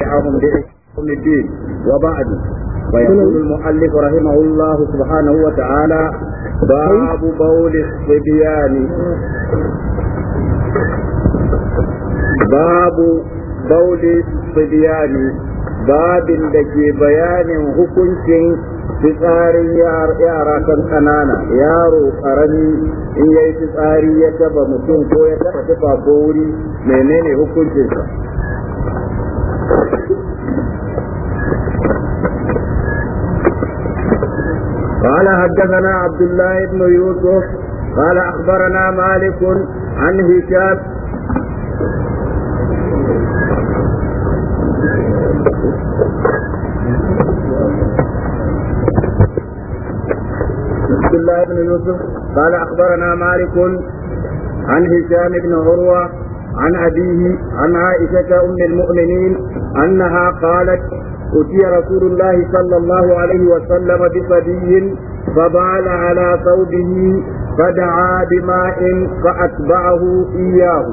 بهم بإحكام الدين وبعد ويقول المؤلف رحمه الله سبحانه وتعالى باب بول الصبيان باب بول الصبيان باب دكي بيان hukuncin fitsarin yara kan kanana yaro ƙarami in yayi fitsari ya taba mutum ko ya taba tufa ko wuri menene hukuncinsa قال حدثنا عبد الله بن يوسف قال اخبرنا مالك عن هشام عبد الله بن يوسف قال اخبرنا مالك عن هشام بن عروه عن ابيه عن عائشه ام المؤمنين انها قالت أتي رسول الله صلى الله عليه وسلم بصبي فبال على ثوبه فدعا بماء فأتبعه إياه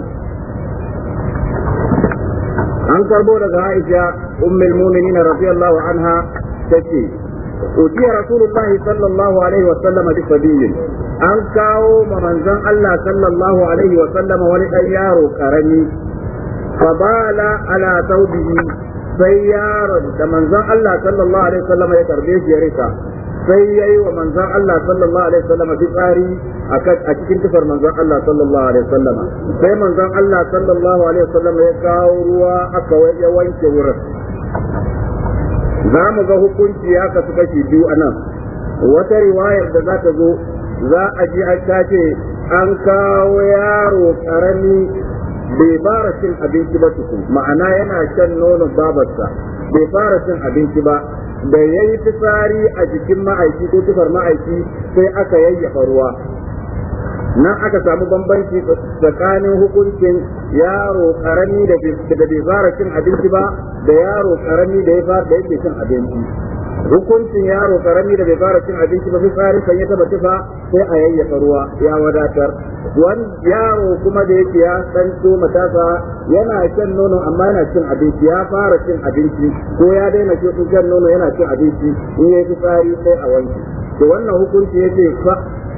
عن كربونة عائشة أم المؤمنين رضي الله عنها تشي أتي رسول الله صلى الله عليه وسلم بصبي an kawo ma manzon Allah sallallahu alaihi wa sallama wani ɗan yaro karami fa bala ala taubihi sai yaron da manzon Allah sallallahu alaihi wasallam ya karbe shi ya rika sai yayi wa manzon Allah sallallahu alaihi wasallam fitsari a cikin tufar manzon Allah sallallahu alaihi wasallam sai manzon Allah sallallahu alaihi wasallam ya kawo ruwa aka ya wanke wurin za mu ga hukunci ya kasu kashi biyu a nan wata riwayar da za ta zo za a ji a ta ce an kawo yaro karami bai fara cin abinci ba tukun ma'ana yana shan nonon babarsa bai fara cin abinci ba da ya yi fitsari a jikin ma'aiki ko tufar ma'aiki sai aka yayyafa ruwa nan aka samu bambanci tsakanin hukuncin yaro karami da bai fara cin abinci ba da yaro karami da ya fara da yake cin abinci hukuncin yaro karami da bai fara cin abinci ba fitsari kan ya taba tufa sai a yayyafa ruwa ya wadatar wani yaro kuma da yake ya san to matasa yana shan nono amma yana cin abinci ya fara cin abinci ko ya daina shan nono yana cin abinci in ya fitsari sai a wanke to wannan hukunci yake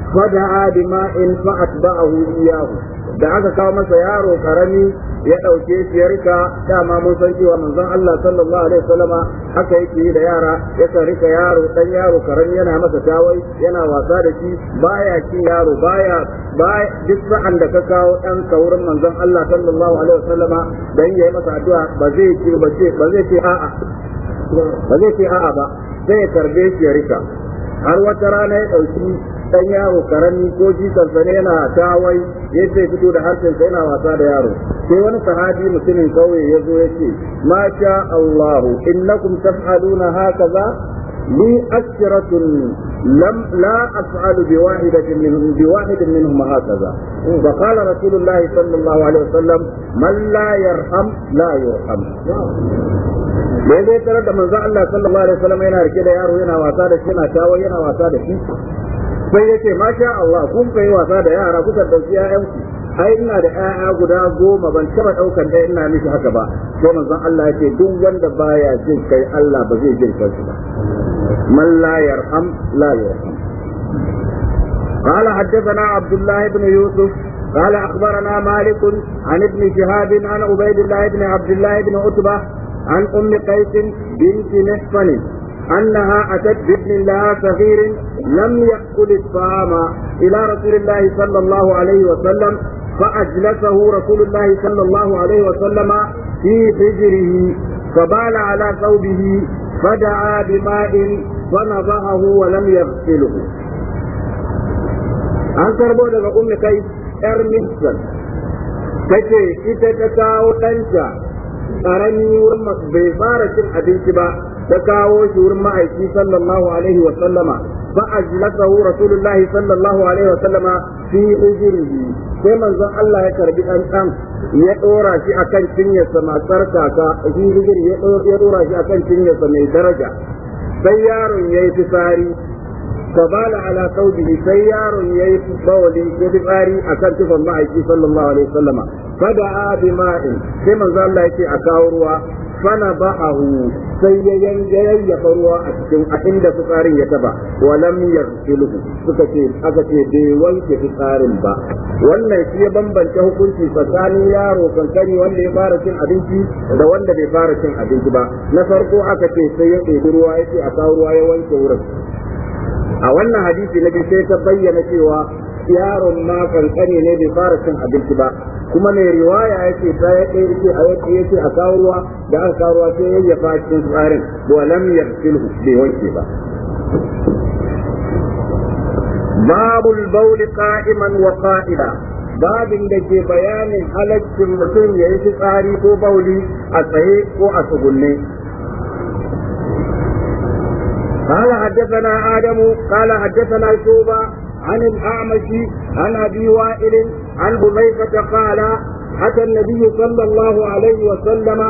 fada fa fa'atba'ahu iyahu da aka kawo masa yaro karami ya ɗauke shi ya rika dama mun san cewa manzon Allah sallallahu alaihi wasallama haka yake yi da yara yakan rika yaro dan yaro karan yana masa tawai yana wasa da shi baya cin yaro baya duk sa'an da ka kawo dan saurin manzon Allah sallallahu alaihi wasallama dan yayi masa addu'a ba zai ce ba zai ba zai ce a'a ba zai ce a'a ba sai ya karbe shi ya rika har wata rana ya ɗauki dan yaro karami ko jikarsa ne yana tawai yace fito da harshen sa yana wasa da yaro sai wani sahabi mutumin kauye ya zo yace ma sha Allah innakum taf'aluna hakaza li asratun لم لا أفعل بواحدة منهم بواحد منهم هكذا فقال رسول الله صلى الله عليه وسلم من لا يرحم لا يرحم da zai tarar da manzo Allah sallallahu alaihi wasallam yana rike da yaro yana wasa da shi yana tawo yana wasa da shi sahabbai yace masha Allah kun kai wasa da yara kuka dauki ƴaƴanku ai ina da ƴaƴa guda goma ban taba daukan da ina miki haka ba sai manzon Allah yace duk wanda baya jin kai Allah ba zai jin kai ba man la yarham la yarham قال حدثنا عبد الله بن يوسف قال اخبرنا مالك عن ابن شهاب عن عبيد الله بن عبد الله بن عتبه عن ام قيس بنت أنها أتت بابن لها صغير لم يأكل الطعام إلى رسول الله صلى الله عليه وسلم فأجلسه رسول الله صلى الله عليه وسلم في حجره فبال على ثوبه فدعا بماء فنضعه ولم يغسله an karbo daga ummi kai yar misal tace ita ta kawo ɗanta ƙarami bai fara cin abinci ba ta kawo shi wurin ma'aiki sallallahu alaihi wa sallama fa ajlasahu rasulullahi sallallahu alaihi wa sallama fi ujrihi sai manzon Allah ya karbi dan dan ya dora shi akan cinyarsa matar kaka fi ujrihi ya dora shi akan cinyarsa mai daraja sai yaron yayi fitsari فبال على ثوبه سيار يبولي يبقاري أكن تفن a kan الله عليه وسلم فدعا بماء كما زال الله يتي أكاوروا فنبحه سيين جيي يفروا أحند فقار يتبع ولم يغسله سكتين أكتي ديوان كفقار با wannan shi ya bambance hukunci tsakanin yaro kankani wanda ya fara cin abinci da wanda bai fara cin abinci ba na farko aka ce sai ya ɗebi ruwa ya ce a kawo ruwa ya wanke wurin a wannan hadisi na sai ta bayyana cewa yaron ma kankane ne bai fara cin abinci ba kuma mai riwaya ya ce ta ya ce a kawo da aka kawo ruwa sai ya yafa tsarin ba lam yaghsilhu bai wanke ba babul bawl qa'iman wa qa'ida babin da ke bayanin halaccin mutum ya yi fitsari ko bauli a tsaye ko a tsugunne قال حدثنا آدم قال حدثنا الكوبة عن الأعمش عن أبي وائل عن حذيفة قال أتى النبي صلى الله عليه وسلم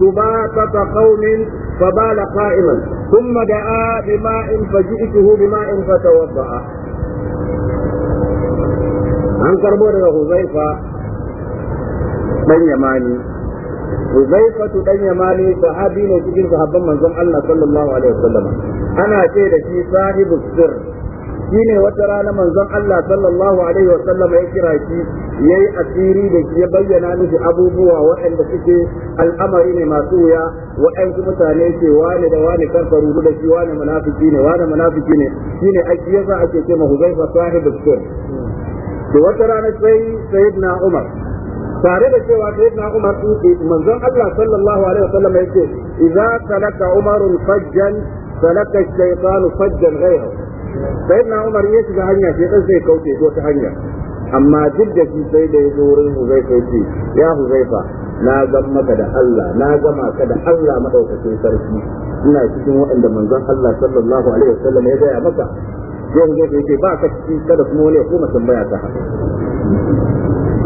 سباطة قوم فبال قائما ثم دعا بماء فجئته بماء فتوضأ an karbo daga Huzaifa dan Yamani Huzaifa dan Yamani sahabi ne cikin sahabban manzon Allah sallallahu alaihi wasallam ana ce da shi sahibu sir ne wata rana manzon Allah sallallahu alaihi wa sallam ya kira shi yi asiri da shi ya bayyana miki abubuwa waɗanda suke al'amari ne masu wuya waɗansu mutane ce wani da wani kan da shi wani munafiki ne wani munafiki ne Shi ya ake yasa ake ce ma Huzaifa sahibu sir da wata rana sai sayyidina Umar tare da cewa sai na Umar manzon Allah sallallahu alaihi wasallam yace idza salaka Umarun fajjan فلقى الشيطان فجا غيره sayyidina عمر ya shiga hanya sai dan zai kauce ko ta hanya amma duk da shi sai da yazo wurin huzaifa الله ya huzaifa na الله ما da Allah na gama ka da Allah madaukakin الله ina cikin waɗanda وسلم Allah sallallahu alaihi wasallam ya gaya maka yau zai yake ba ka kada ya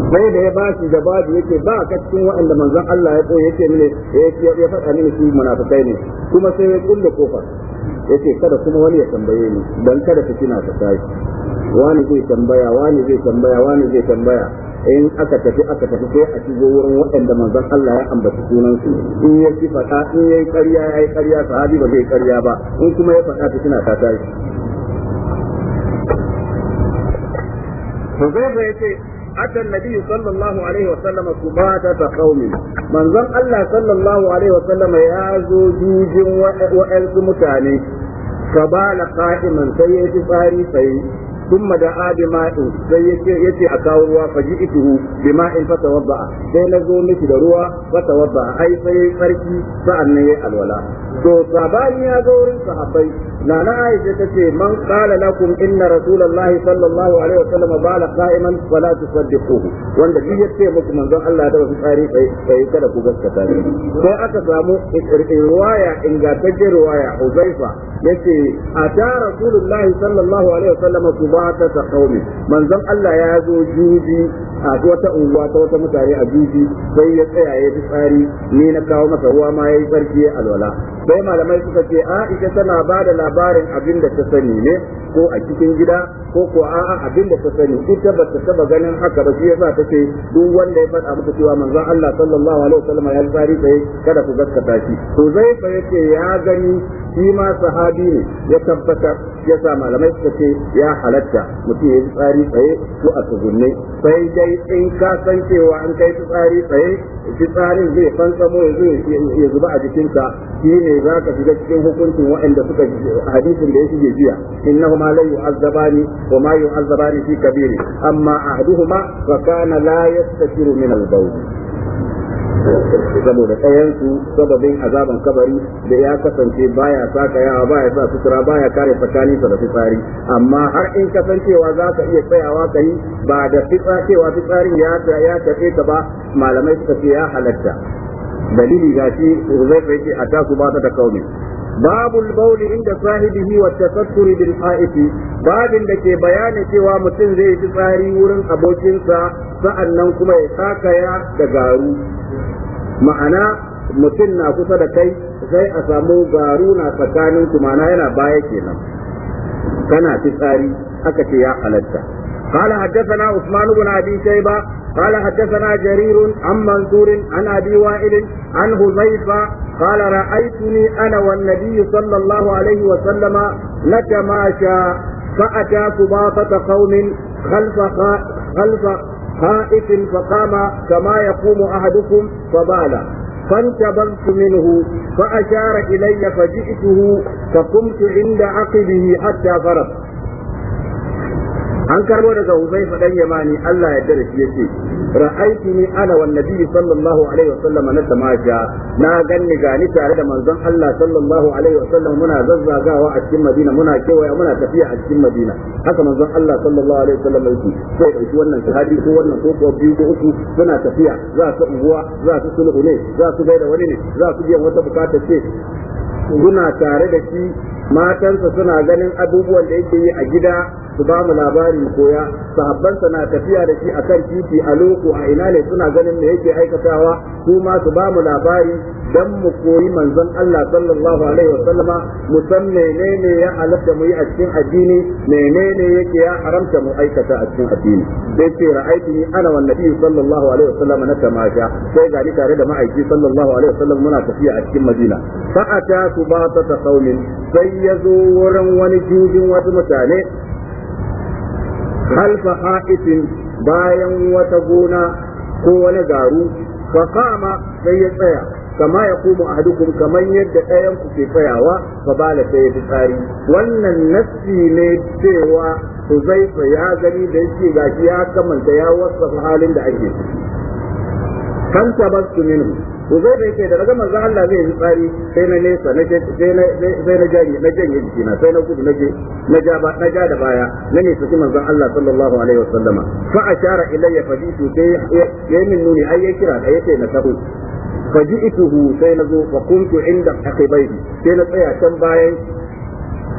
sai da ya bashi jawabi yake ba ka cikin wa'anda manzon Allah ya koyi yake mini ya faɗa mini su munafikai ne kuma sai ya kulle kofar yace kada kuma wani ya tambaye ni dan kada kina ta tashi wani zai tambaya wani zai tambaya wani zai tambaya in aka tafi aka tafi sai a shigo wurin waɗanda manzon Allah ya ambaci sunan su in ya ci fata in yayi ƙarya yayi ƙarya sahabi ba zai ƙarya ba in kuma ya faɗa fitina ta tashi Huzaifa ce. أتى النبي صلى الله عليه وسلم سباتة قوم من ظن الله صلى الله عليه وسلم يا زوجوج وألف متاني فبال قائما سيئة فاري سيئة thumma da'a bima'in sai yace yace a kawo ruwa faji'tuhu bima'in fatawadda'a sai na zo miki da ruwa fatawadda'a ai sai sarki sa'annan yayi alwala to sabani ya zo wurin sahabbai nana Aisha ce man qala lakum inna rasulullahi sallallahu alaihi wasallam bala qa'iman fala tusaddiquhu wanda duk yace muku manzon Allah da wasu tsari sai kada ku gaskata shi sai aka samu riwaya ingantacce riwaya Uzaifa yace ata Rasulullah sallallahu alaihi wasallam kubata ta qaumi manzon Allah ya zo juji a wata unguwa ta wata mutane a juji sai ya tsaya ya tsari ni na kawo masa ruwa ma yayi sarki alwala sai malamai suka ce Aisha tana ba da labarin abin da ta sani ne ko a cikin gida ko ko a'a abin da ta sani ita ba ta taba ganin haka ba shi yasa ta ce duk wanda ya faɗa muku cewa manzon Allah sallallahu alaihi wasallam ya tsari sai kada ku gaskata shi to zai fa ya gani shi ma sahabi ne ya tabbata ya sa malamai suka ce ya halatta mutum ya tsari tsaye ko a tsugunne sai dai in ka san cewa an kai tsari tsaye fitsarin zai fantsamo ya zuba a jikinka shi ne za ka shiga cikin hukuncin waɗanda suka hadisin da ya shige jiya innahuma la yu'azzabani wa ma yu'azzabani fi kabiri amma ahduhuma fa kana la yastakiru min al saboda sababin azaban kabari da ya kasance baya sa kayawa baya sa sutura baya kare tsakani da fitsari amma har in kasancewa za ka iya tsayawa ka yi ba da fitsa cewa fitsarin ya ya tafe ka ba malamai suka ce ya halatta dalili ga shi zai ce a tasu ba ta da kaumi باب البول عند صاحبه والتستر بالحائط باب da ke bayani cewa mutum zai ji tsari wurin abokinsa sa'annan kuma ya sakaya da garu ma'ana mutum na kusa da kai sai a samu garu na tsakanin kumana yana baya kenan kana fitsari aka ce ya halatta قال حدثنا عثمان بن ابي شيبه قال حدثنا جرير عن منصور عن ابي وائل عن حذيفه قال رايتني انا والنبي صلى الله عليه وسلم نتماشى فاتى سباطه قوم خلف خلف خائف فقام كما يقوم احدكم فبال فانتبذت منه فاشار الي فجئته فقمت عند عقبه حتى فرغ an karbo daga Uzai fadan Yamani Allah ya dare shi ce. ra'aiti ni ana wa nabi sallallahu alaihi wasallam na tamaja na ganni gani tare da manzon Allah sallallahu alaihi wasallam muna zazzagawa a cikin Madina muna kewaya muna tafiya a cikin Madina haka manzon Allah sallallahu alaihi wasallam yake ko shi wannan shahadi ko wannan ko ko biyu ko uku suna tafiya za su unguwa za su sulhu ne za su gaida wani ne za su biyan wata bukata ce suna tare da shi matansa suna ganin abubuwan da yake yi a gida su ba mu labarin koya sahabbansa na tafiya da shi a kan titi a loko a ina ne suna ganin me yake aikatawa su ma su ba mu labari dan mu koyi manzon Allah sallallahu alaihi wasallama mu san menene ya halatta mu yi a cikin addini menene yake ya haramta mu aikata a cikin addini sai ce ra'aytu ni ana wan nabi sallallahu alaihi wasallama na tamasha sai ga ni tare da ma'aiki sallallahu alaihi wasallam muna tafiya a cikin Madina fa ata subata qaumin sai yazo wurin wani jujin wasu mutane khalfa ha'isin bayan wata gona ko wani garu fa kama sai ya tsaya kama ya kuma ahadukum kamar yadda ɗayan ku ke tsayawa fa bala sai ya fitsari wannan nassi ne cewa Huzaifa ya gani da yake gashi ya kamanta ya wasafa halin da ake ciki kan tabastu minhu zai da yake da daga manzon Allah zai yi tsari sai na nesa na sai na jari na janye jikina sai na gudu nake na ja ba na ja da baya na nesa ki manzon Allah sallallahu alaihi wasallam fa ashara ilayya fa jitu sai yayi min nuni ai ya kira da yace na taho fa sai na zo fa kuntu inda aqibaihi sai na tsaya can bayan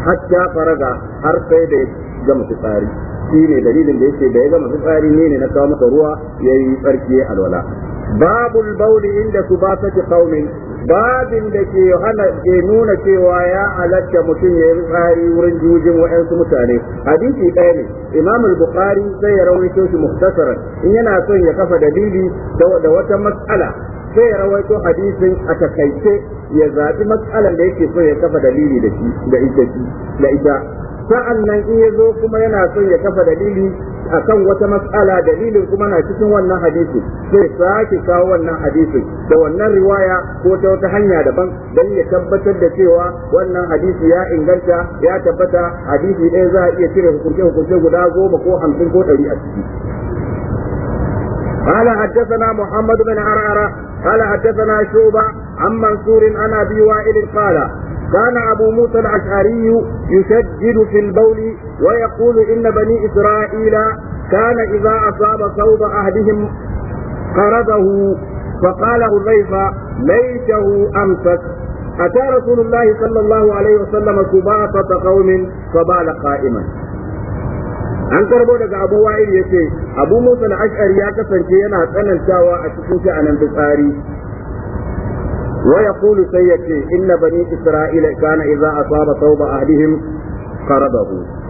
hatta faraga har sai da gama fitsari shi ne dalilin da yake da ya gama fitsari ne ne na kawo masa ruwa yayi tsarki alwala babul bauli inda su ba saki kaumin babin da ke hana ke nuna cewa ya alatta mutum ya yi tsari wurin jujin wa'yansu mutane hadisi ɗaya ne imam al-bukhari sai ya rawaito shi muktasaran in yana son ya kafa dalili da wata matsala sai ya rawaito hadisin a takaice ya zabi matsalar da yake so ya kafa dalili da da ita sa'an nan in ya zo kuma yana son ya kafa dalili a kan wata matsala dalilin kuma na cikin wannan hadisi sai sake kawo wannan hadisi da wannan riwaya ko ta wata hanya daban don ya tabbatar da cewa wannan hadisi ya inganta ya tabbata hadisi ɗaya za a iya cire hukunce hukunce guda goma ko hamsin ko ɗari a ciki قال حدثنا محمد بن عرعرة قال حدثنا شوبة عن منصور عن أبي وائل قال كان أبو موسى الأشعري يشدد في البول ويقول إن بني إسرائيل كان إذا أصاب ثوب أهلهم قرضه فقال حذيفة ليته أمسك أتى رسول الله صلى الله عليه وسلم سباطة قوم فبال قائما an karbo daga abu wa'il ya ce abu musa al-ash'ari ya kasance yana tsanantawa a cikin sha'anin fitsari ويقول سيتي إن بني إسرائيل كان إذا أصاب ثوب أهلهم قرضه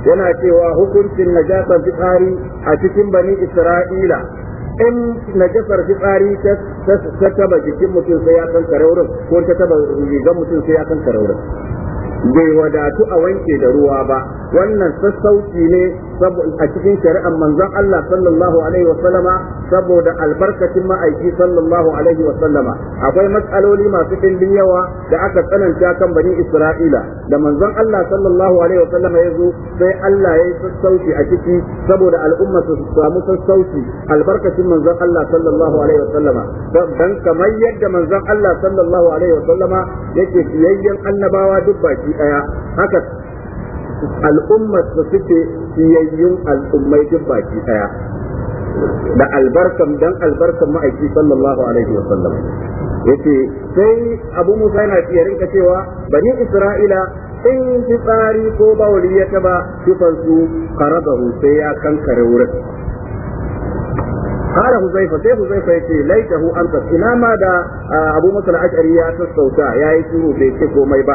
yana cewa hukuncin najasar fitsari a cikin bani isra'ila in najasar fitsari ta taba jikin mutum sai ya kan karaurin ko ta taba rigar mutum sai ya kan karaurin bai wadatu a wanke da ruwa ba wannan sassauci ne a cikin shari'ar manzon Allah sallallahu alaihi wa sallama saboda albarkacin ma'aiki sallallahu alaihi wa sallama akwai matsaloli masu dimbin yawa da aka tsananta kan bani Isra'ila da manzon Allah sallallahu alaihi wa sallama ya zo sai Allah ya yi sassauci a ciki saboda al'umma su samu sassauci albarkacin manzon Allah sallallahu alaihi wa sallama dan kamar yadda manzon Allah sallallahu alaihi wa sallama yake fiyayyen annabawa duk baki daya haka al'ummar da suke siyayyun al'ummai duk baki daya da albarkan dan albarkan ma'aiki sallallahu alaihi wa sallam yace sai abu musa yana iya rinka cewa bani isra'ila in fitsari ko bawali ya taba kifan su qaradahu sai ya kankare wurin قال حذيفة سيف حذيفة يتي ليته أنت إلى ماذا أبو موسى الأشعري يا تستوتا يا يسوع بيتكو ba.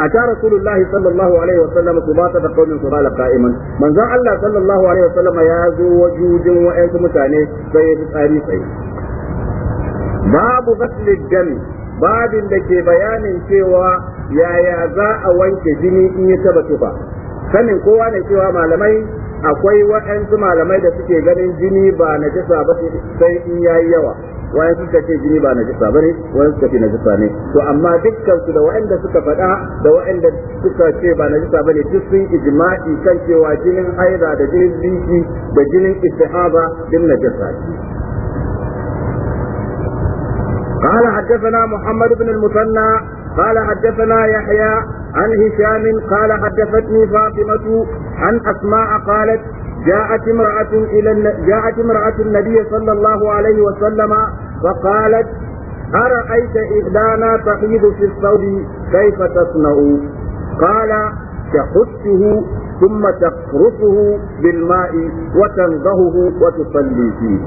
أتى رسول الله صلى الله عليه وسلم سباطة قوم قبال قائما من ذا الله صلى الله عليه وسلم يازو وجوج وإنت متاني سيد ساري باب غسل الدم باب لكي بيان سوى يا يا ذا أوانك جني إن يتبتبا sanin kowa ne cewa malamai akwai waɗansu malamai da suke ganin jini ba na jisa ba sai in yayi yawa wani suka ce jini ba najisa bane wani suka ce najisa ne to amma dukkan su da waɗanda suka faɗa da waɗanda suka ce ba najisa bane duk sun ijma'i kan cewa jinin haida da jinin biki da jinin istihaba din najisa قال حدثنا محمد بن المثنى قال حدثنا يحيى عن هشام قال حدثتني فاطمة عن أسماء قالت جاءت امرأة إلى جاءت امرأة النبي صلى الله عليه وسلم فقالت أرأيت إحدانا تحيض في الثوب كيف تصنع؟ قال تحثه ثم تقرصه بالماء وتنضهه وتصلي فيه.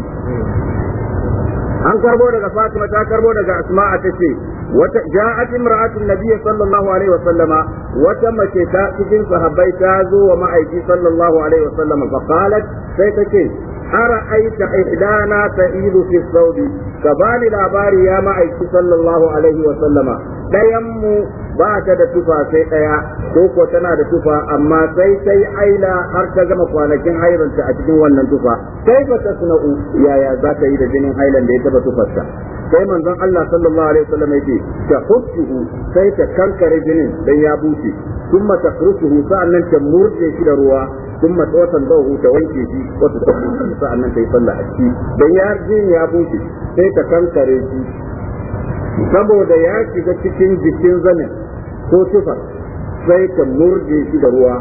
an karbo daga Fatima ta karbo daga Asma'a ta ce, wata ja'at imra'atun nabiy sallallahu alaihi wa sallama wata mace ta cikin sahabbai ta zo wa ma'aiki sallallahu alaihi wa sallama fa qalat sai ta take ara aita ihdana ta idu fi saudi ka bani labari ya ma'aiki sallallahu alaihi wa sallama dayan mu ba ka da tufa sai daya ko ko tana da tufa amma sai sai aina har ka gama kwanakin hairanta a cikin wannan tufa sai ba ta suna'u yaya za ka yi da jinin hailan da ya taba tufarsa sai manzon Allah sallallahu alaihi wasallam yake ta hukku sai ta kankare jinin dan ya buce kuma ta kuruhu sa'annan ta murje shi da ruwa kuma tsotan dahu ta wanke shi wato ta buce sa'annan ta yi sallah a ciki dan ya jinin ya buce sai ta kankare shi saboda ya shiga cikin jikin zanin ko tufa sai ta murje shi da ruwa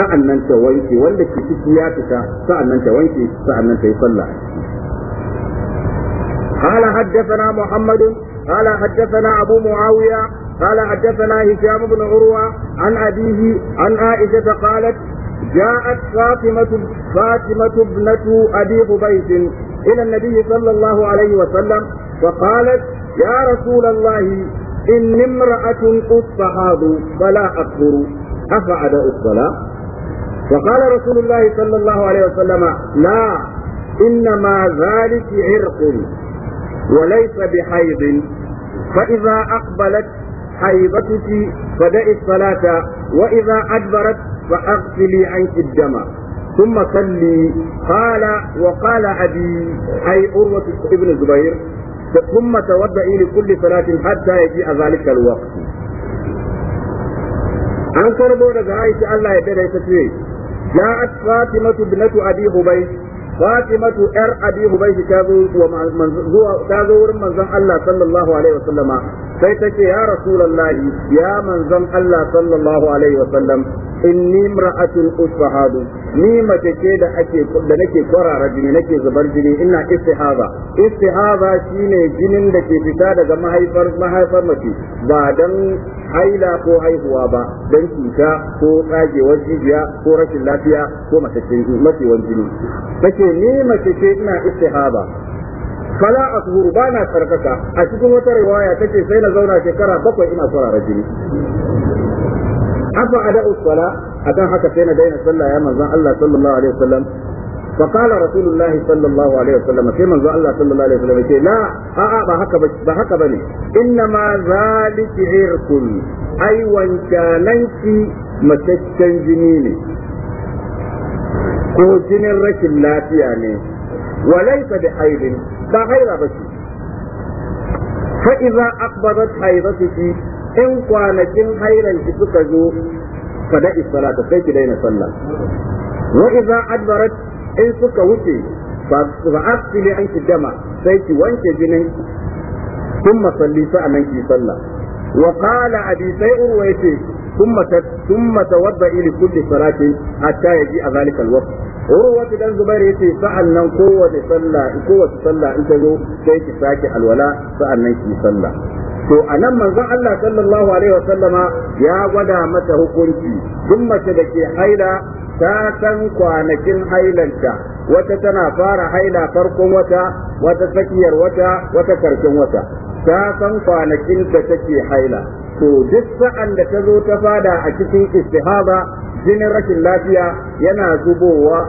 sa'annan ta wanke wanda ke ciki ya fita sa'annan ta wanke sa'annan ta yi sallah قال حدثنا محمد قال حدثنا أبو معاوية قال حدثنا هشام بن عروة عن أبيه عن عائشة قالت جاءت فاطمة فاطمة ابنة أبي قبيس إلى النبي صلى الله عليه وسلم وقالت يا رسول الله إني امرأة أصطحاب فلا أكفر أفعد الصلاة فقال رسول الله صلى الله عليه وسلم لا إنما ذلك عرق وليس بحيض فإذا أقبلت حيضتك فدعي الصلاة وإذا أدبرت فأغسلي عنك الدم ثم صلي قال وقال أبي أي أروة ابن الزبير ثم توضئي لكل صلاة حتى يجيء ذلك الوقت عن كربو daga Aisha Allah ya dade ta ce ja'at Fatimatu bintu Abi Hubaysh fatimatu yar abi hubayshi ta zo ta zo wurin manzon Allah sallallahu alaihi wasallama sai take ya rasulullahi ya manzon Allah sallallahu alaihi wasallam inni imra'atun usfahadu ni mace ce da ake da nake kwarara jini nake zubar jini ina istihaza istihaza shine jinin da ke fita daga mahaifar mahaifar mace ba dan haila ko haihuwa ba dan cuta ko tsagewar jijiya ko rashin lafiya ko mace jini nake ni mace ce ina istihaza fala asburu bana sarkaka a cikin wata riwaya take sai na zauna shekara bakwai ina kwarara jini afa ada'u sala akan haka sai na daina sallah ya manzon Allah sallallahu alaihi wasallam فقال رسول الله صلى الله عليه sallallahu alaihi منزل الله صلى الله عليه ba haka ba آآ بحق بحق بني إنما ذلك عرق أي وانشاننك متشن جنيني ko jinin rashin lafiya ne walaisa da haidin ba haira ba ce fa iza akbarat haidatuki in kwanakin hairan ki suka zo fada isalata sai ki daina sallah wa idza adbarat in suka wuce fa asili an anki dama sai ki wanke jinin kuma salli sa'annan ki sallah wa qala abi sayyid wa yace tawadda ila kulli salati hatta yaji a zalika alwaqt urwa dan zubair yace sa'annan kowace sallah kowace sallah in ta zo sai ki sake alwala sa'annan ki sallah to anan manzon Allah sallallahu alaihi wasallama ya gwada mata hukunci duk mace da ke haila ta san kwanakin hailanta wata tana fara haila farkon wata wata tsakiyar wata wata karshen wata ta san kwanakin da take haila to duk sa'an da ta zo ta fada a cikin istihaba jinin rashin lafiya yana zubowa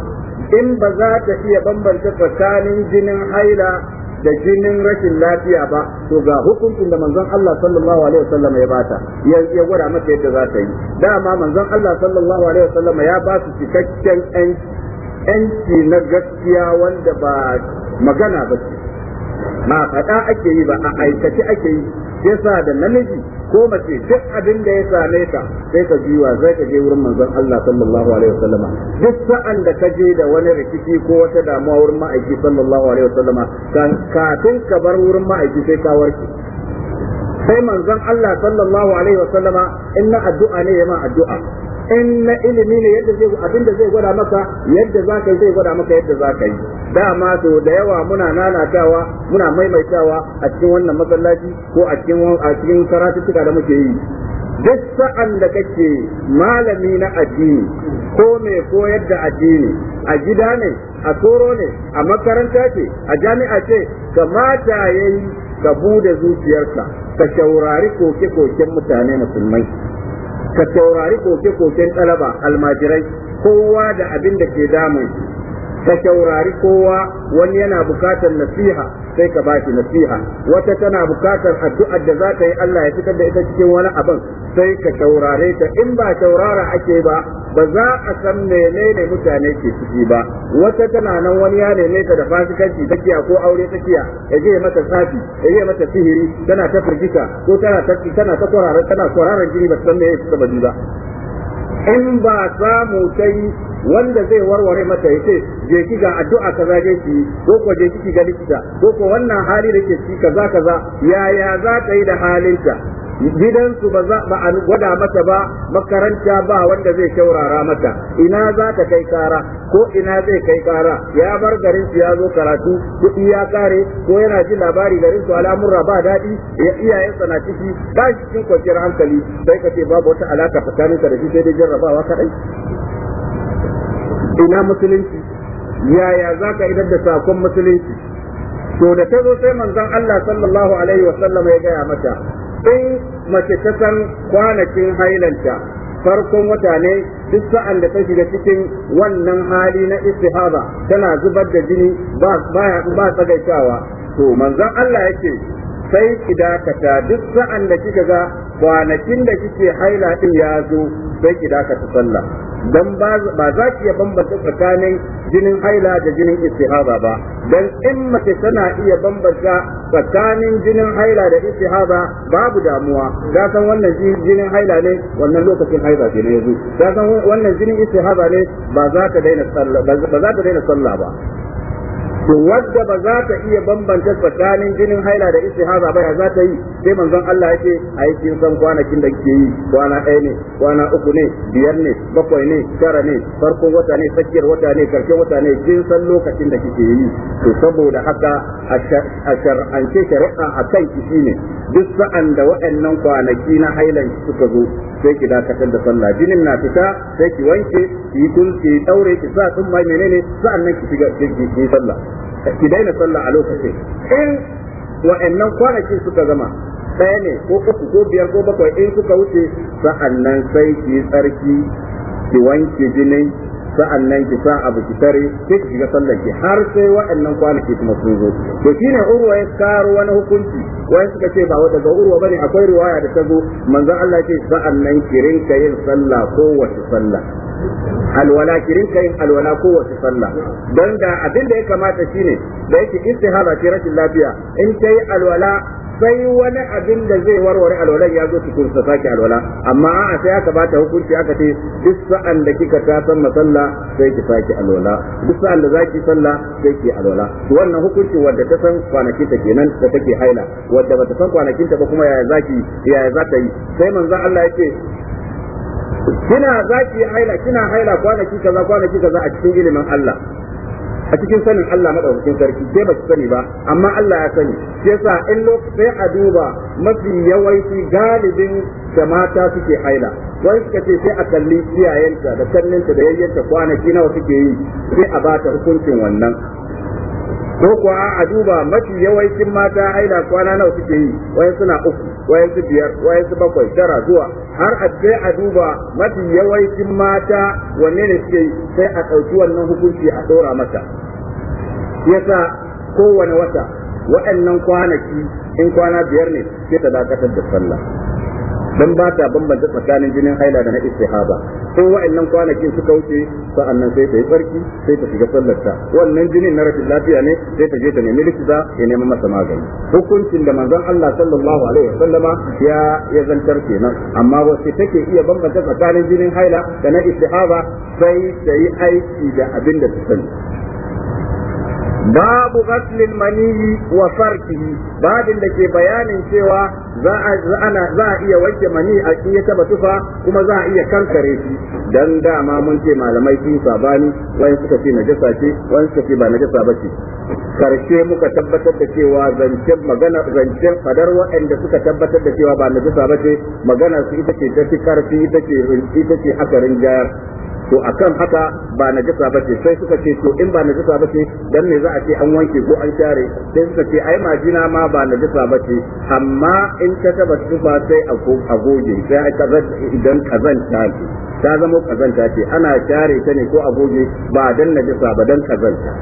in ba za ta iya bambanta tsakanin jinin haila da jinin rashin lafiya ba to ga hukuncin da manzon Allah sallallahu alaihi wasallam ya bata ya gwada mata yadda za ta yi dama manzon Allah sallallahu alaihi wasallam ya ba su cikakken yanci na gaskiya wanda ba magana ba Ma faɗa ake yi ba a aikace ake yi yasa da namiji ko mace duk abin da ya same ka sai ka jiwa zai ka je wurin manzon Allah sallallahu alaihi wasallam duk sa'an da ka je da wani rikici ko wata damuwa wurin ma'aiki sallallahu alaihi wasallama kafin ka bar wurin ma'aiki sai ka warke sai manzon Allah sallallahu alaihi wasallam inna addu'a ne ya ma addu'a in na ilimi ne yadda zai abinda zai gwada maka yadda za ka yi zai gwada maka yadda za ka yi dama to da yawa muna nanatawa muna maimaitawa a cikin wannan masallaci ko a cikin a cikin karatuttuka da muke yi duk sa'an da kake malami na addini ko mai koyar da addini a gida ne a toro ne a makaranta ce a jami'a ce kamata yayi ka bude zuciyarka ka shaurari koke-koken mutane musulmai ka taurari koke-koken ɗalaba almajirai kowa da abin da ke damun ka shaurari kowa wani yana bukatar nasiha sai ka bashi nasiha wata tana bukatar addu'ar da za ta yi Allah ya fitar da ita cikin wani abin sai ka shaurare ta in ba shaurara ake ba ba za a san menene mutane ke ciki ba wata tana nan wani ya neme ta da fasikanci takiya ko aure takiya ya je mata safi ya je mata sihiri tana ta firgita ko tana ta tana ta tana jini ba san me ya ba in ba samu kai wanda zai warware mata yace je ki ga addu'a kaza je ki ko ko je ki ga likita ko ko wannan hali da ke ci kaza kaza yaya za ta yi da halinta gidansu ba za ba a gwada mata ba makaranta ba wanda zai shaurara mata ina za ta kai kara ko ina zai kai kara ya bar garin ya zo karatu kuɗi ya kare ko yana jin labari garin su al'amurra ba daɗi ya iyayen na ciki ba shi cikin kwanciyar hankali sai ka ce babu wata alaka tsakanin ka da shi sai dai jarrabawa kaɗai ina musulunci yaya za ka idar da sakon musulunci to da ta zo sai manzon Allah sallallahu alaihi wa sallam ya gaya mata in mace ta san kwanakin hailanta farkon wata ne duk sa'an da ta shiga cikin wannan hali na istihaba tana zubar da jini ba ba tsagaitawa to manzon Allah yake sai ki dakata duk sa'an da kika ga kwanakin da kike haila din ya zo sai ki dakata sallah dan ba za ki iya bambanta tsakanin jinin haila da jinin istihaba ba dan in mace tana iya bambanta tsakanin jinin haila da istihaba babu damuwa ga san wannan jinin haila ne wannan lokacin haila ne yazo ga san wannan jinin istihaba ne ba za ka daina sallah ba za ka daina sallah ba shin wadda ba za ta iya bambanta tsakanin jinin haila da istihaza ba ya za ta yi sai manzon Allah yake ai kin san kwanakin da ke yi kwana ɗaya ne kwana uku ne biyar ne bakwai ne tara ne farkon wata ne tsakiyar wata ne karshen wata ne kin san lokacin da kike yi to saboda haka a shar'ance shari'a a kan ki ne duk sa'an da waɗannan kwanaki na hailan suka zo sai ki dakatar da sallah jinin na fita sai ki wanke ki yi ki daure ki sa sun mai menene sa'an nan ki shiga ki sallah ki daina sallah a lokacin in wa'annan kwanakin suka zama ɗaya ne ko uku ko biyar ko bakwai in suka wuce sa'annan sai ki yi tsarki ki wanke jinin sa'annan ki sa abu ki tare sai ki shiga sallar ki har sai waɗannan kwanaki kuma sun zo to shine urwa ya karo wani hukunci wani suka ce ba daga urwa bane akwai riwaya da ta zo manzon Allah ce sa'annan ki rinka yin sallah ko wace sallah alwala kirin yin alwala kowace sallah don da abin da ya kamata shine da yake istihaba ce rashin lafiya in yi alwala sai wani abin da zai warware alwalan ya zo cikin sa sake alwala amma a sai aka bata hukunci aka ce duk sa'an da kika ta san masalla sai ki sake alwala duk sa'an da zaki sallah sai ki alwala wannan hukunci wanda ta san kwanakin ta kenan da take haila wanda bata san kwanakin ta ba kuma yaya zaki za ta yi sai manzon Allah yake kina zaki haila kina haila kwanaki kaza kwanaki kaza a cikin ilimin Allah a cikin sanin Allah madaukakin sarki sai ba sani ba amma Allah ya sani sai sa in sai a duba mafi yawanci galibin da suke haila wani suka ce sai a kalli iyayenta da kanninta da yayyanta kwanaki nawa suke yi sai a bata hukuncin wannan ko kuwa a duba mafi yawancin mata aida kwana nawa suke yi wayan suna uku wayan su biyar wayan su bakwai tara zuwa har a sai a duba mafi yawancin mata wanne ne suke sai a ɗauki wannan hukunci a ɗora mata yasa kowane wata waɗannan kwanaki in kwana biyar ne sai ta dakatar da sallah dan ba ta bambanta tsakanin jinin haila da na istihaba ko wa'annan kwanakin suka wuce sa'annan sai ta yi tsarki sai ta shiga sallarta wannan jinin na rashin lafiya ne sai ta je ta nemi likita ya nemi masa magani hukuncin da manzon Allah sallallahu alaihi wasallama ya ya zantar kenan amma wace take iya bambanta tsakanin jinin haila da na istihaba sai ta yi aiki da abin da ta sani babu gaslin maniyi wa farkihi babin da ke bayanin cewa za a iya wanke mani a ya taba tufa kuma za a iya kankare shi dan dama mun ce malamai sun sabani wani suka ce najasa ce wani suka ce ba najasa bace karshe muka tabbatar da cewa zancen magana zancen fadar waɗanda suka tabbatar da cewa ba najasa ba ce magana su ita ce tafi karfi ita ce ita ce jayar to akan haka ba najasa ba ce sai suka ce to in ba najasa ba ce dan me za a ce an wanke ko an share sai suka ce ai majina ma ba najasa ba ce amma in ta taba ba sai a goge sai a kazanta idan kazanta ta zama kazanta ce ana share ta ne ko a goge ba dan najasa ba dan kazanta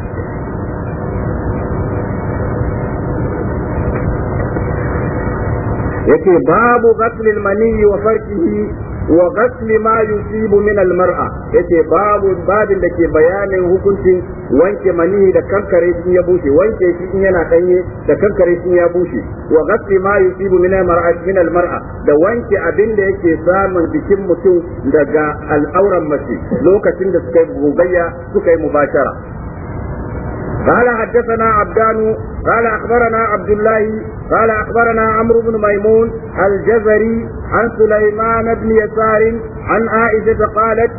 yake babu ghasl al wa farkihi wa gasli ma yusibu min almara mara yace babu babin da ke bayanin hukuncin wanke mani da kankare shi ya bushe wanke shi in yana danye da kankare shi ya bushe wa gasli ma yusibu min almara min almar'a da wanke abin da yake samun jikin mutum daga al'auran mace lokacin da suka yi gogayya suka yi mubashara قال حدثنا عبدان قال اخبرنا عبد الله قال اخبرنا عمرو بن ميمون الجزري عن سليمان بن يسار عن عائشه قالت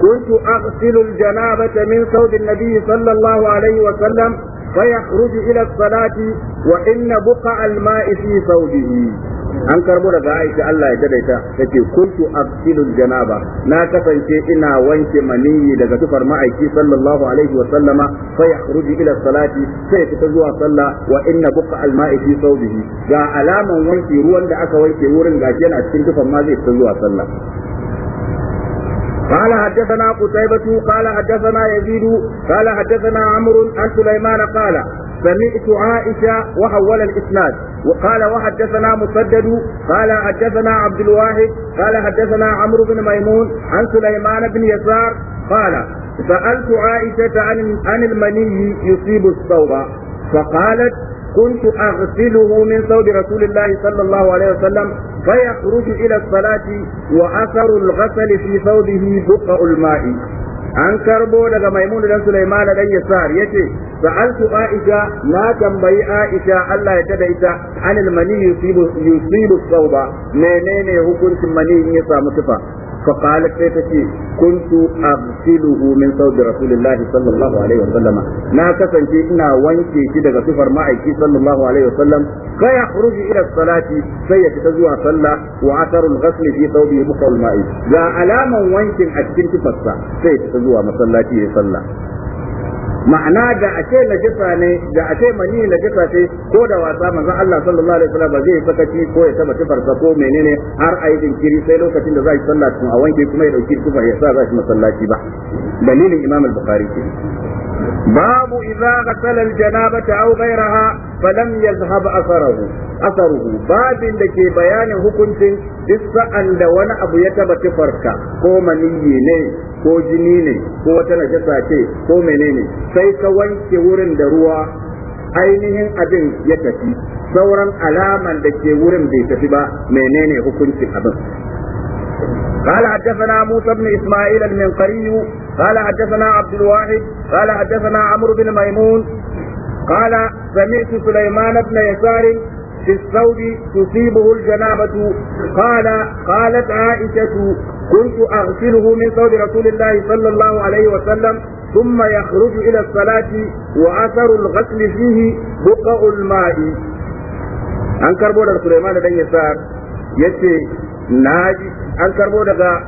كنت اغسل الجنابه من ثوب النبي صلى الله عليه وسلم فيخرج إلى الصلاة وإن بقع الماء في ثوبه an karbo daga Aisha Allah ya daidaita tace kuntu absilul janaba na kasance ina wanke maniyi daga tufar ma'aiki sallallahu alaihi wa sallama fa yakhruju ila salati sai fita zuwa sallah wa inna buqa al fi ga alaman wanke ruwan da aka wanke wurin gashi yana cikin tufa ma zai fita zuwa sallah قال حدثنا قتيبة قال حدثنا يزيد قال حدثنا عمرو عن سليمان قال سمعت عائشة وحول الإسناد وقال وحدثنا مسدد قال حدثنا عبد الواحد قال حدثنا عمرو بن ميمون عن سليمان بن يسار قال سألت عائشة عن عن المني يصيب الثوب فقالت كنت أغسله من ثوب رسول الله صلى الله عليه وسلم فيخرج إلى الصلاة وأثر الغسل في ثوبه بقع الماء an karbo daga maimunu dan Sulaiman dan Yasar yace sa'altu Aisha na tambayi Aisha Allah ya tada ita anil mani yusibu yusibu sauba menene hukuncin mani in ya samu tufa فقالت سيتتي كنت أغسله من ثوب رسول الله صلى الله عليه وسلم ما كسن إنا وانكي كده سفر معي صلى الله عليه وسلم فيخرج إلى الصلاة سيتزوى صلى وأثر الغسل في ثوبه بقى الماء لا ألاما وانكي أتكنت فتا سيتزوى مصلاتي صلى ma'ana da a ce jisa ne da a ce mani jisa ce ko da wasa manzo Allah sallallahu alaihi wasallam ba zai sakaci ko ya taba tufar sa ko menene har a yi jinkiri sai lokacin da za yi sallah tun a wanke kuma ya dauki tufa ya sa za shi masallaci ba dalilin Imam al-Bukhari ke باب إذا غسل الجنابة أو غيرها فلم يذهب أثره أثره باب لكي بيان حكم بس أن دوان أبو يتبع فرقا كو منيين كو جنين ني كو تنجسا كو منيني سيكا وانكي ورن دروا ainihin abin ya tafi sauran alaman da ke wurin bai tafi ba menene hukuncin abin قال حدثنا موسى بن اسماعيل المنقري قال حدثنا عبد الواحد قال حدثنا عمرو بن ميمون قال سمعت سليمان بن يسار في الثوب تصيبه الجنابة قال قالت عائشة كنت أغسله من ثوب رسول الله صلى الله عليه وسلم ثم يخرج إلى الصلاة وأثر الغسل فيه بقع الماء أنكر بولا سليمان بن يسار يتي ناجي أنكر بولا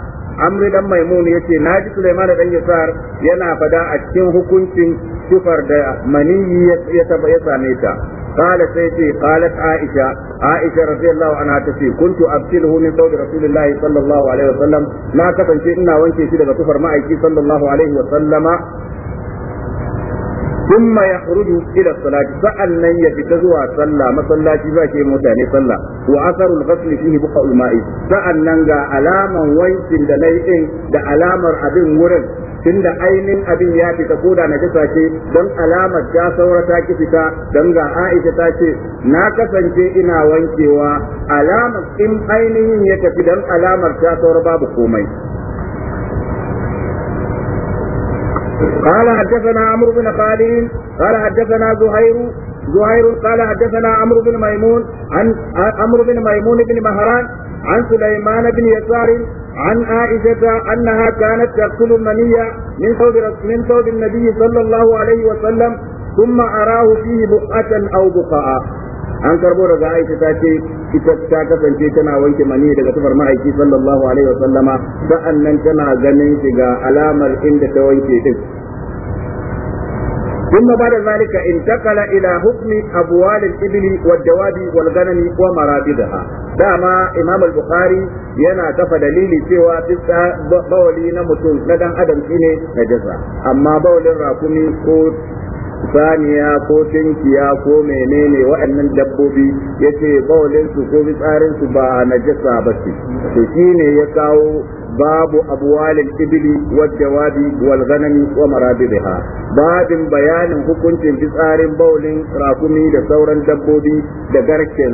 amri dan maimun yace naji sulaiman dan yasar yana fada a cikin hukuncin kufar da maniyi ya taba ya same ta قال سيتي قالت عائشة عائشة رضي الله عنها تسي كنت أبتله من قول رسول الله صلى الله عليه وسلم ما كفن شيء إنا وانشي شيء كفر معي صلى الله عليه وسلم thumma yakhruju ila salati sa'annan ya fita zuwa sallah masallaci ba ke mutane sallah wa asarul ghasl fihi buqa'ul ma'i sa'annan ga alaman wankin da lai'in da alamar abin wurin tunda ainihin abin ya fita ko da na najasa sace, don alamar ta saura ta ki fita don ga Aisha ta ce na kasance ina wankewa alamar in ainihin ya tafi don alamar ta saura babu komai قال حدثنا عمرو بن خالد قال حدثنا زهير زهير قال حدثنا عمرو بن ميمون عن عمرو بن ميمون بن مهران عن سليمان بن يسار عن عائشة أنها كانت تقتل المنية من ثوب من ثوب النبي صلى الله عليه وسلم ثم أراه فيه بقعة أو بقعة an karbo daga Aisha ta ce ita ta kasance tana wanke mani daga tufar ma'aiki sallallahu alaihi wasallama sa'annan tana ganin shi ga alamar inda ta wanke din ثم بعد ذلك انتقل الى حكم ابوال الابل والدواب والغنم ومرابضها dama امام bukhari yana kafa dalili cewa duk bawali na mutum na dan adam shine najasa amma bawalin rakumi ko saniya ko tinkiya ko menene waɗannan dabbobi yace bawlin su ko tsarin su ba najasa ba ce to shine ya kawo babu abwalil ibli wal jawabi wal ghanami wa marabidha babin bayanin hukuncin fitsarin baulin rakumi da sauran dabbobi da garken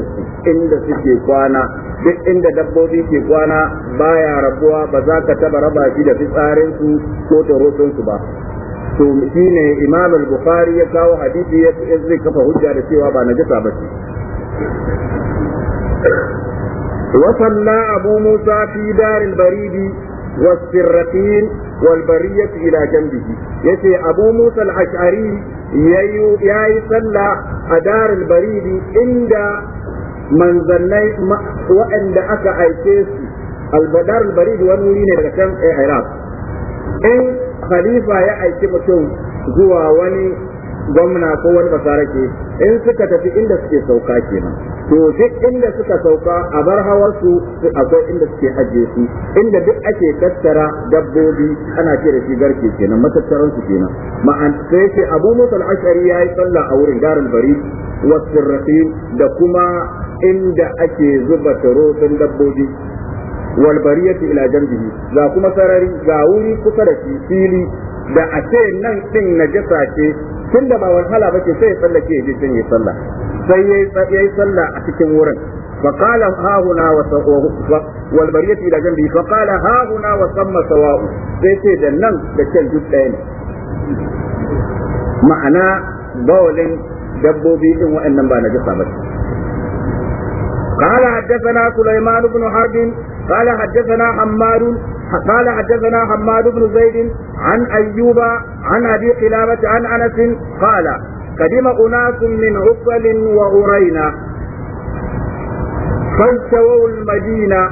inda suke kwana duk inda dabbobi ke kwana baya rabuwa ba za ka taba raba shi da fitsarin su ko taroton su ba to shine imam al-bukhari ya kawo hadisi ya zai kafa hujja da cewa ba najasa ba ce وصلى أبو موسى في دار البريد والسرقين والبرية إلى جنبه يتي أبو موسى الأشعري ياي صلى أدار البريد عند من ظني وعند أكا أيتيس البدار البريد ونورين الركام إعراب إن khalifa ya aiki mutum zuwa wani gwamna ko wani basarake in suka tafi inda suke sauka kenan to duk inda suka sauka a bar hawar su akwai inda suke ajiye su inda duk ake tattara dabbobi ana ce da shi garke kenan matattaran su kenan ma'an sai yake Abu Musa al-Ash'ari yayi salla a wurin garin bari wa da kuma inda ake zuba tarotin dabbobi wal bariyati ila jambihi ga kuma sarari ga wuri kusa da shi fili da a ce nan din na jasa ce tun da ba wahala ba ce sai ya tsallake ya je ya salla sai ya yi salla a cikin wurin فقال ها هنا والبرية إلى جنبه فقال ها هنا وثم سواء سيتي دنن دكان جد دين معنى بول دبوبي إن وإن نبانا جسامت قال حدثنا سليمان بن حرب قال حدثنا حماد قال حدثنا حماد بن زيد عن أيوب عن أبي قلابة عن أنس قال قدم أناس من عقل وغرينا فالتووا المدينة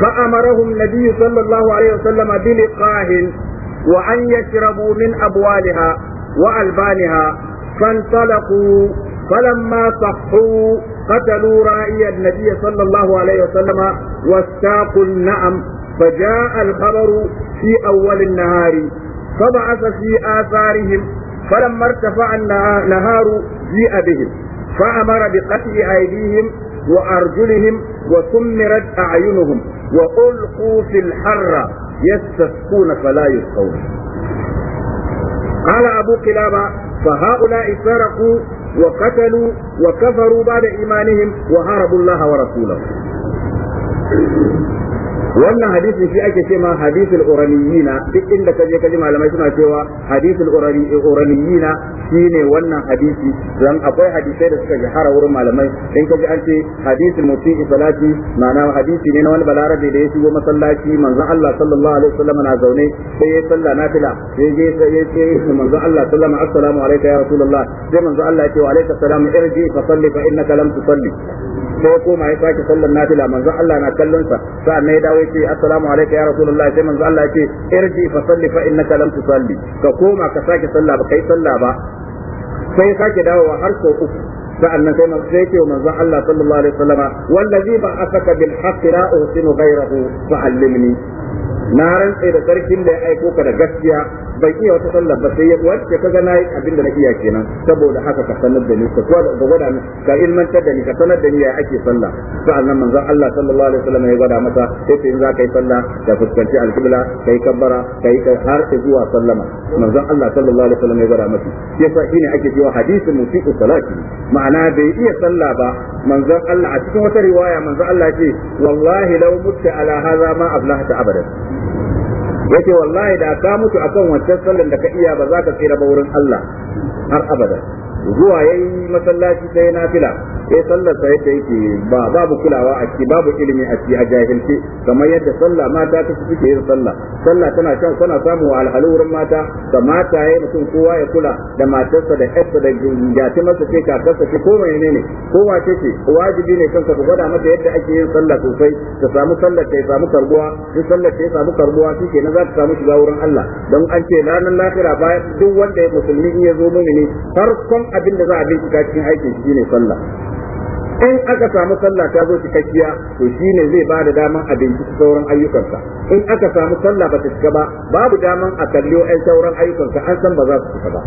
فأمرهم النبي صلى الله عليه وسلم بلقاه وأن يشربوا من أبوالها وألبانها فانطلقوا فلما صحوا قتلوا راعي النبي صلى الله عليه وسلم واستاقوا النعم فجاء الخبر في أول النهار فبعث في آثارهم فلما ارتفع النهار جيء بهم فأمر بقتل أيديهم وأرجلهم وسمرت أعينهم وألقوا في الحر يستسقون فلا يسقون قال أبو قلابة فهؤلاء سرقوا وقتلوا وكفروا بعد إيمانهم وهربوا الله ورسوله wannan hadisin shi ake cewa hadisul uraniyina duk inda kaje kaji malamai suna cewa hadisul uraniyina shine wannan hadisi dan akwai hadisai da suka jahara wurin malamai in kaji an ce hadisul muti'i salati ma'ana hadisi ne na wani balarabe da ya shigo masallaci manzon Allah sallallahu alaihi wasallam na zaune sai ya salla nafila sai je ya ce manzon Allah sallama assalamu alayka ya rasulullah sai manzon Allah ya ce wa alayka irji fa salli fa innaka lam tusalli sai koma ya sake sallan nafila manzon Allah na kallon sa sa'an ya dawo yace assalamu alayka ya rasulullah sai manzo Allah yace irji fa salli fa innaka lam tusalli ka koma ka sake sallah ba kai sallah ba sai ya sake dawowa har sau uku sa'annan sai manzo yake wa manzon Allah sallallahu alaihi wasallama wallazi ba asaka bil haqqi la uhsinu ghayrahu fa na rantse da sarkin da ya aiko ka da gaskiya bai iya wata sallar ba sai wace ka na yi abin da na iya kenan saboda haka ka sanar da ni ka kuwa da gwada ni ka ilmantar da ni ka sanar da ni ya ake sallah sa'annan manzon Allah sallallahu alaihi wasallam ya gwada masa sai in za ka yi sallah ka fuskanci alqibla kai kabbara kai har zuwa sallama manzon Allah sallallahu alaihi wasallam ya gwada masa yasa shine ake cewa hadisin musiqu salati ma'ana bai iya sallah ba manzon Allah a cikin wata riwaya manzon Allah ce wallahi law mutta ala hadha ma ablahta abadan yace wallahi da ka mutu akan wancan sallan da ka iya ba za ka tsira ba wurin Allah har abada zuwa yayi masallaci sai na fila, eh sallar sa yadda yake ba babu kulawa a ciki babu ilimi a ciki a jahilci kamar yadda sallah mata ta suke yin sallah sallah tana shan tana samun wa alhalu wurin mata da mata yayi mutum kowa ya kula da matarsa da ƴarsa da masa ce kakarsa ce ko mai ne kowa ce ce wajibi ne kanka ku gwada mata yadda ake yin sallah sosai ta samu sallar ta samu karbuwa duk sallar ta samu karbuwa shi na za ta samu shiga wurin Allah don an ce ranar lahira bayan duk wanda ya musulmi ya zo mumini farkon abin da za a bincika cikin aikin shi ne sallah in aka samu sallah ta zo cikakkiya to shine zai ba da daman a binciki sauran ayyukansa in aka samu sallah ba ta cika ba babu daman a kalli ai sauran ayyukansa an san ba za su cika ba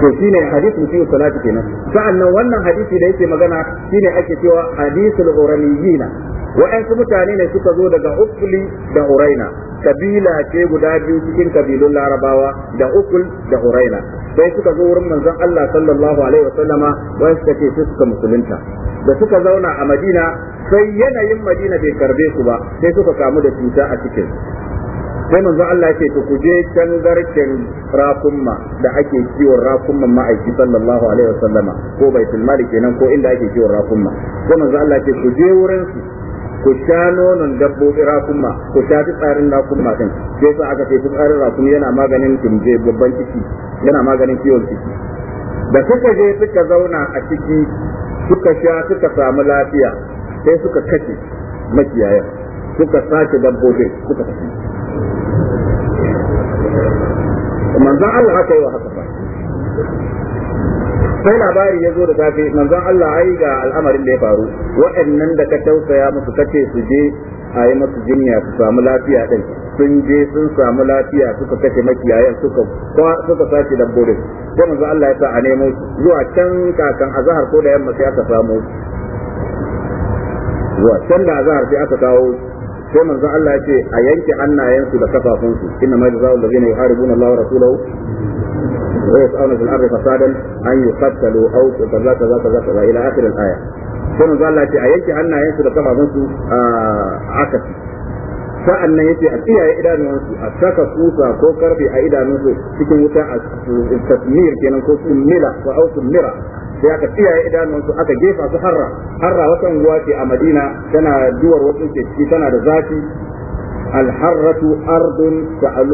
to shine hadisin fi salati kenan sa'annan wannan hadisi da yake magana shine ake cewa hadisul uraniyina waɗansu mutane ne suka zo daga ukuli da uraina kabila ce guda biyu cikin kabilun larabawa da ukul da uraina sai suka zo wurin manzon Allah sallallahu alaihi wasallama wani suka ce suka musulunta da suka zauna a madina sai yanayin madina bai karbe su ba sai suka kamu da cuta a cikin sai manzo Allah ya ce ku je can garken rakumma da ake kiwon rakumman ma'aiki sallallahu alaihi wasallama ko baitul mali kenan ko inda ake kiwon rakumma sai manzo Allah ya ce ku je wurin su ku sha nonon dabbobi rakunma ku sha tsarin rakunma din sai sa aka ce tsarin rakun yana maganin kimje babban ciki yana maganin ciwon ciki da suka je suka zauna a ciki suka sha suka samu lafiya sai suka kace makiyaya suka sace dabbobin suka kace manzon Allah haka yi wa haka sai labari ya zo da safe manzon Allah ai ga al'amarin da ya faru waɗannan da ka tausaya musu kace su je a yi masu jinya su samu lafiya ɗin sun je sun samu lafiya suka kashe makiyayan suka suka sace dabbobin sai manzon Allah ya sa a nemo zuwa can kakan azhar ko da yamma sai aka samu zuwa can da azhar sai aka kawo sai manzon Allah ya ce a yanke hannayensu da kafafunsu inna ma da allazina yuharibuna Allah wa rasulahu ويسعون في الارض فسادا ان يقتلوا او كذا كذا كذا كذا الى اخر الايه sai manzo Allah ce a yanke hannayensu da kafafunsu a akasi sa'an nan yace a tsiyaye idanunsu a saka kusa ko karfe a idanunsu cikin wuta a tasmir kenan ko summila ko au summira sai aka tsiyaye idanunsu aka gefa su harra harra wata unguwa ce a Madina tana duwar wasu ce ciki tana da zafi الحرة أرض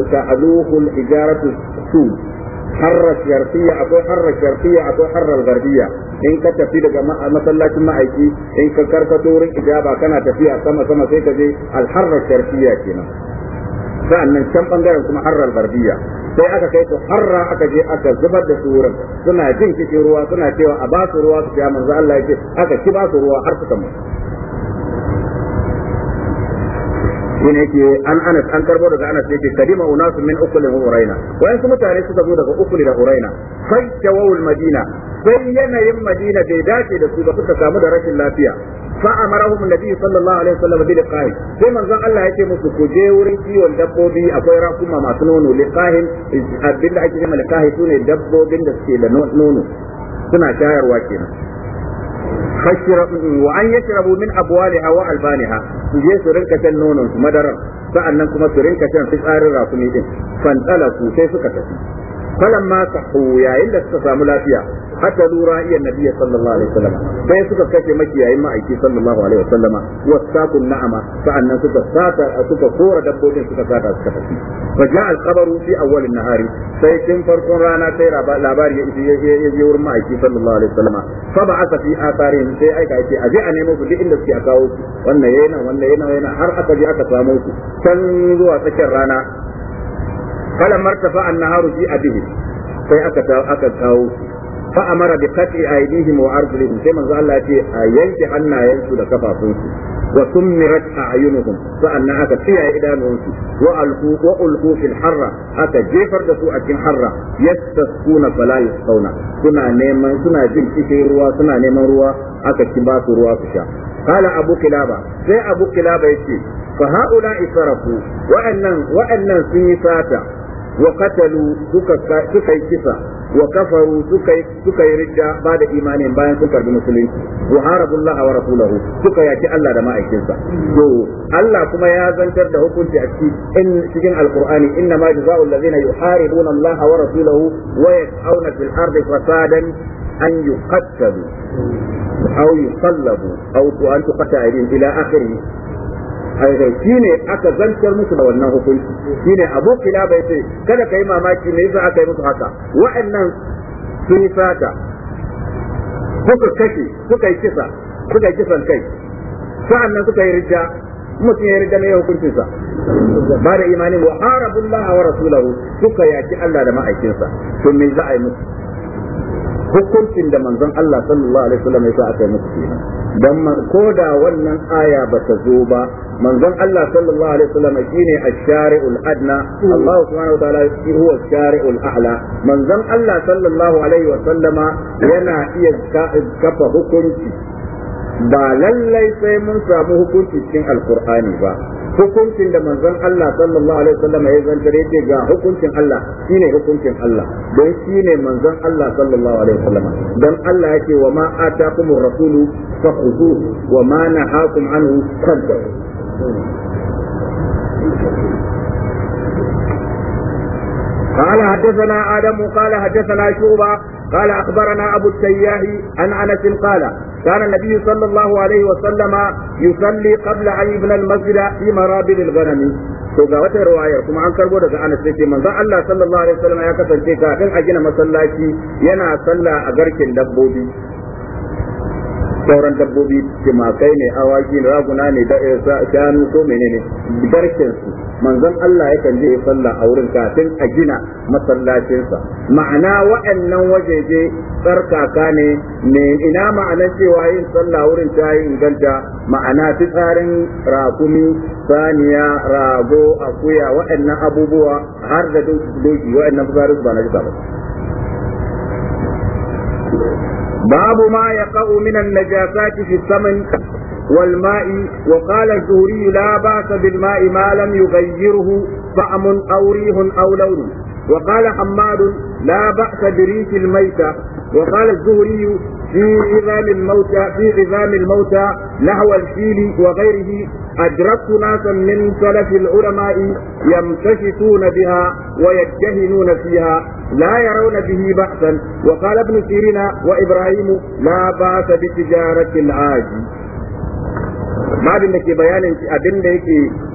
تعلوه الحجارة السود harra sharqiyya akwai harra sharqiyya akwai harra garbiyya in ka tafi daga masallacin ma'aiki in ka karkato wurin ijaba kana tafiya sama sama sai ka je al harra sharqiyya kenan sa'annan can bangaren kuma harra sai aka kai su harra aka je aka zubar da su suna jin kishi ruwa suna cewa a ba su ruwa su ya manzo Allah aka ki ba su ruwa har suka mutu shine yake an anas an karbo daga anas yake kadima unas min ukul wa uraina wayan su mutane suka zo daga ukul da uraina sai jawawul madina sai yanayin madina bai dace da su ba suka samu da rashin lafiya fa amarahum nabi sallallahu alaihi wasallam bi liqahi sai manzon Allah yake musu ku je wurin kiwon dabbobi akwai rakuma masu nono liqahin abinda ake cewa liqahi sune dabbobin da suke da nono suna shayarwa kenan wa an yashrabu min abwaliha wa albaniha su je su rinka shan nonon su madarar sa'annan kuma su rinka shan fitsarin rakumi din fantala su sai suka tafi falamma sahu yayin da suka samu lafiya qatalu ra'iyan nabiy sallallahu alaihi wasallam sai suka kace makiyayin ma'aiki sallallahu alaihi wasallama wasaqun na'ama sa'annan suka sata suka kora dabbobin suka sata suka tafi fa ja'a al-khabaru fi awwal an-nahari sai kin farkon rana sai labari ya je ya je wurin ma'aiki sallallahu alaihi wasallama fa ba'atha fi atharin sai aika yake aje a nemo su duk inda suke a kawo su wannan yana wannan yana yana har aka je aka samu su can zuwa tsakiyar rana falamma martafa an-naharu fi abihi sai aka aka kawo su fa amara kati qat'i aydihim wa arjulihim sai manzo Allah ce a yanke hannayensu da kafafunsu wa a a'yunuhum sa'anna aka tsiyaye idanunsu wa alqu wa ulqu fil harra aka jefar da su a cikin harra yastasquna fala yasquna suna suna jin cikin ruwa suna neman ruwa aka ci su ruwa su sha قال أبو كلابة سي أبو كلابة يتي فهؤلاء سرقوا وأنن وأنن سنساتا wa qatalu suka kisa wa kafaru suka bada yi imanin bayan sun karbi musulunci wa harabullah wa rasulahu suka yaki Allah da ma'aikinsa to Allah kuma ya zantar da hukunci a cikin cikin alqur'ani inna ma jazaa'u allazina yuharibuna Allah wa rasulahu wa yas'auna fil ardi fasadan an yuqattalu أو يصلبوا أو أن تقطع إلى آخره haidai shi ne aka zantar musu da wannan hukunci shi ne abu kila bai ce kada ka yi mamaki ne yasa aka yi musu haka wa'annan sun yi sata suka kashe suka yi kisa suka yi kisan kai sa'annan suka yi rija mutum ya rija yi hukuncinsa ba da imanin wa harabu wa rasulahu suka yaki Allah da ma'aikinsa to me za a yi musu hukuncin da manzon Allah sallallahu alaihi wasallam ya sa aka musu kenan dan ko da wannan aya ba ta zo ba manzon Allah sallallahu alaihi wasallam shine ash-shari'ul adna Allah subhanahu wa ta'ala shi huwa ash-shari'ul a'la manzon Allah sallallahu alaihi yana iya kafa hukunci ba lallai sai mun samu hukunci cikin alkur'ani ba hukuncin da manzon Allah sallallahu alaihi wasallam ya zantar yake ga hukuncin Allah shine hukuncin Allah don shine manzon Allah sallallahu alaihi wasallam don Allah yake wa ma atakumur rasulu fakhuzuhu wa ma nahakum anhu fantahu قال حدثنا آدم قال حدثنا شوبة قال أخبرنا أبو التياه عن أنس قال كان النبي صلى الله عليه وسلم يصلي قبل أن يبنى المسجد في مرابد الغنم to ga wata riwayar kuma an karbo daga Anas yake manzon Allah sallallahu alaihi wasallam ya kasance kafin a gina masallaci yana sallah a garkin dabbobi sauran dabbobi makai ne awaki raguna ne da eh, shanu ko menene barkin su manzon Allah yakan je salla a wurin kafin a gina masallacinsa ma'ana waannan wajeje tsarkaka ne ne ina ma'ana cewa yin sallah wurin ta yi inganta ma'ana fitsarin rakumi saniya rago akuya waɗannan abubuwa har da doki waɗannan fitsarin ba na ba باب ما يقع من النجاسات في الثمن والماء وقال الزهري لا بأس بالماء ما لم يغيره طعم أو ريح أو لون وقال حماد لا بأس بريح الميتة وقال الزهري في عظام الموتى في عظام الموتى نحو الفيل وغيره أدركت ناسا من سلف العلماء يمتشطون بها ويجهنون فيها لا يرون به بأسا وقال ابن سيرين وإبراهيم لا بأس بتجارة العاج ما بينك بيان ابن abin